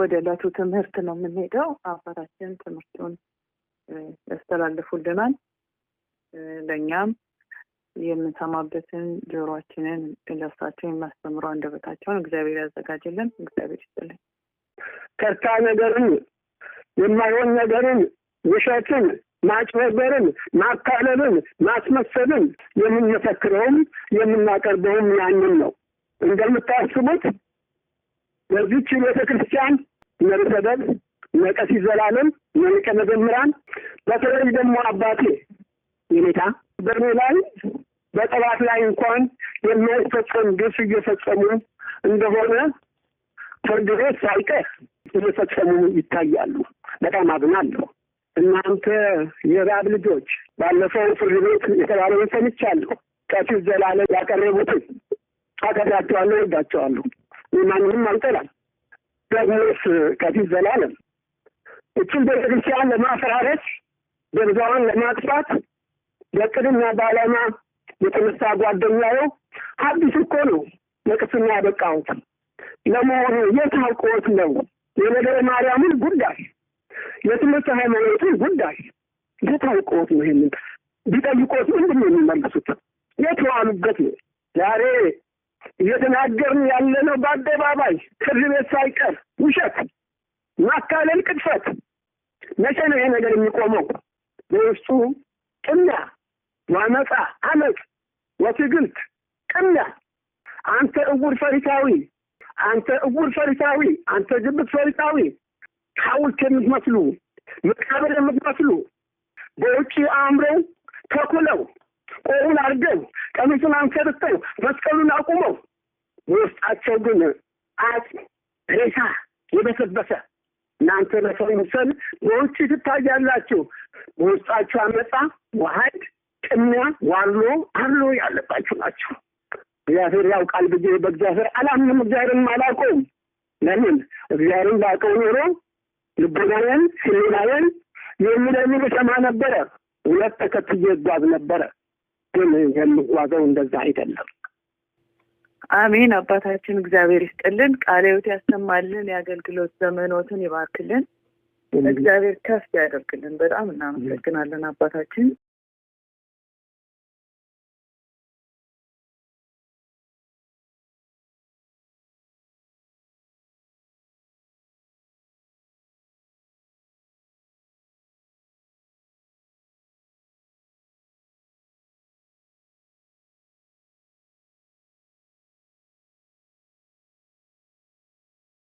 ወደ ዕለቱ ትምህርት ነው የምንሄደው። አባታችን ትምህርቱን ያስተላልፉልናል። ለእኛም የምንሰማበትን ጆሮችንን ለእሳቸው የሚያስተምረው አንደበታቸውን እግዚአብሔር ያዘጋጅልን። እግዚአብሔር ይስጥልን። ከርታ ነገርን፣ የማይሆን ነገርን፣ ውሸትን፣ ማጭበርበርን፣ ማካለልን ማስመሰልን የምንመሰክረውም የምናቀርበውም ያንን ነው እንደምታስቡት በዚች ቤተ ክርስቲያን መርሰደብ መቀስ ይዘላለም መልቀ መዘምራን በተለይ ደግሞ አባቴ የኔታ በእኔ ላይ በጠላት ላይ እንኳን የማይፈጸም ግፍ እየፈጸሙ እንደሆነ ፍርድ ቤት ሳይቀር እየፈጸሙ ይታያሉ። በጣም አዝናለሁ። እናንተ የባብ ልጆች ባለፈው ፍርድ ቤት የተባለውን ሰምቻለሁ። ቀሲስ ዘላለም ያቀረቡትን አከብራቸዋለሁ፣ ወዳቸዋለሁ። ማንንም አልጠላም። ዲያብሎስ ከፊት ዘላለም እችን ቤተክርስቲያን ለማፈራረስ ደብዛዋን ለማጥፋት በቅድና በዓላማ የተነሳ ጓደኛው አዲስ እኮ ነው ለቅስና ያበቃሁት። ለመሆኑ የት አውቀወት ነው የነገረ ማርያምን ጉዳይ የትምህርት ሃይማኖትን ጉዳይ የት አውቀወት ነው? ይህንን ቢጠይቆት ምንድን ነው የሚመልሱት? የት ዋሉበት ነው? ዛሬ እየተናገርን ያለነው በአደባባይ ፍርድ ቤት ሳይቀር ውሸት፣ ማካለል፣ ቅጥፈት። መቼ ነው ይሄ ነገር የሚቆመው? በውስጡ ቅሚያ፣ ዋመፃ፣ አመፅ፣ ወትግልት፣ ቅሚያ። አንተ እውር ፈሪሳዊ፣ አንተ እውር ፈሪሳዊ፣ አንተ ግብት ፈሪሳዊ፣ ሐውልት የምትመስሉ መቃብር የምትመስሉ በውጭ አእምረው ተኩለው ጦሩን አርገው ቀሚሱን አንከርተው መስቀሉን አቁመው ውስጣቸው ግን አጽ ሬሳ የበሰበሰ እናንተ ለሰው ምሰል በውጭ ትታያላችሁ፣ በውስጣችሁ አመፃ፣ ዋሀድ፣ ቅሚያ፣ ዋሎ አሎ ያለባችሁ ናቸው። እግዚአብሔር ያውቃል ብዬ በእግዚአብሔር አላምንም፣ እግዚአብሔርም አላውቀውም። ለምን እግዚአብሔርን ባውቀው ኖሮ ልቦናዬን፣ ሕሊናዬን የሚለኝ ልሰማ ነበረ፣ ሁለት ተከትዬ እጓዝ ነበረ። ግን የምጓዘው እንደዛ አይደለም። አሜን። አባታችን እግዚአብሔር ይስጥልን፣ ቃልዎት ያሰማልን፣ የአገልግሎት ዘመኖትን ይባርክልን፣ እግዚአብሔር ከፍ ያደርግልን። በጣም እናመሰግናለን አባታችን።